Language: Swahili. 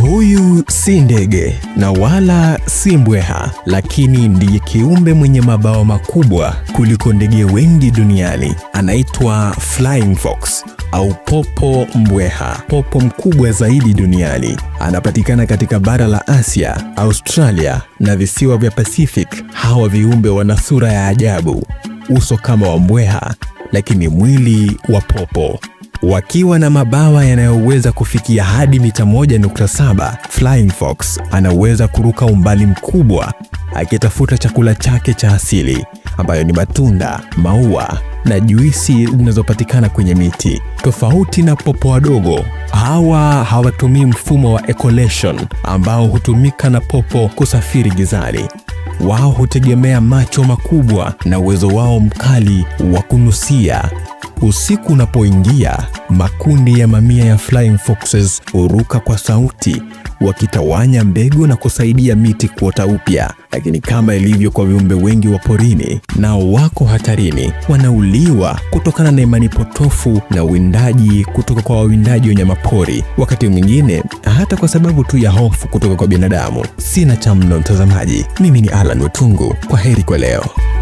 Huyu si ndege na wala si mbweha, lakini ndiye kiumbe mwenye mabawa makubwa kuliko ndege wengi duniani. Anaitwa flying fox au popo mbweha, popo mkubwa zaidi duniani. Anapatikana katika bara la Asia, Australia na visiwa vya Pacific. Hawa viumbe wana sura ya ajabu, uso kama wa mbweha, lakini mwili wa popo. Wakiwa na mabawa yanayoweza kufikia hadi mita 1.7, Flying Fox anaweza kuruka umbali mkubwa akitafuta chakula chake cha asili ambayo ni matunda, maua na juisi zinazopatikana kwenye miti. Tofauti na popo wadogo, hawa hawatumii mfumo wa echolation ambao hutumika na popo kusafiri gizani. Wao hutegemea macho makubwa na uwezo wao mkali wa kunusia Usiku unapoingia, makundi ya mamia ya flying foxes huruka kwa sauti, wakitawanya mbegu na kusaidia miti kuota upya. Lakini kama ilivyo kwa viumbe wengi wa porini, nao wako hatarini. Wanauliwa kutokana na imani potofu na uwindaji kutoka kwa wawindaji wanyamapori, wakati mwingine hata kwa sababu tu ya hofu kutoka kwa binadamu. Sina cha mno, mtazamaji. Mimi ni Alan Wetungu, kwa heri kwa leo.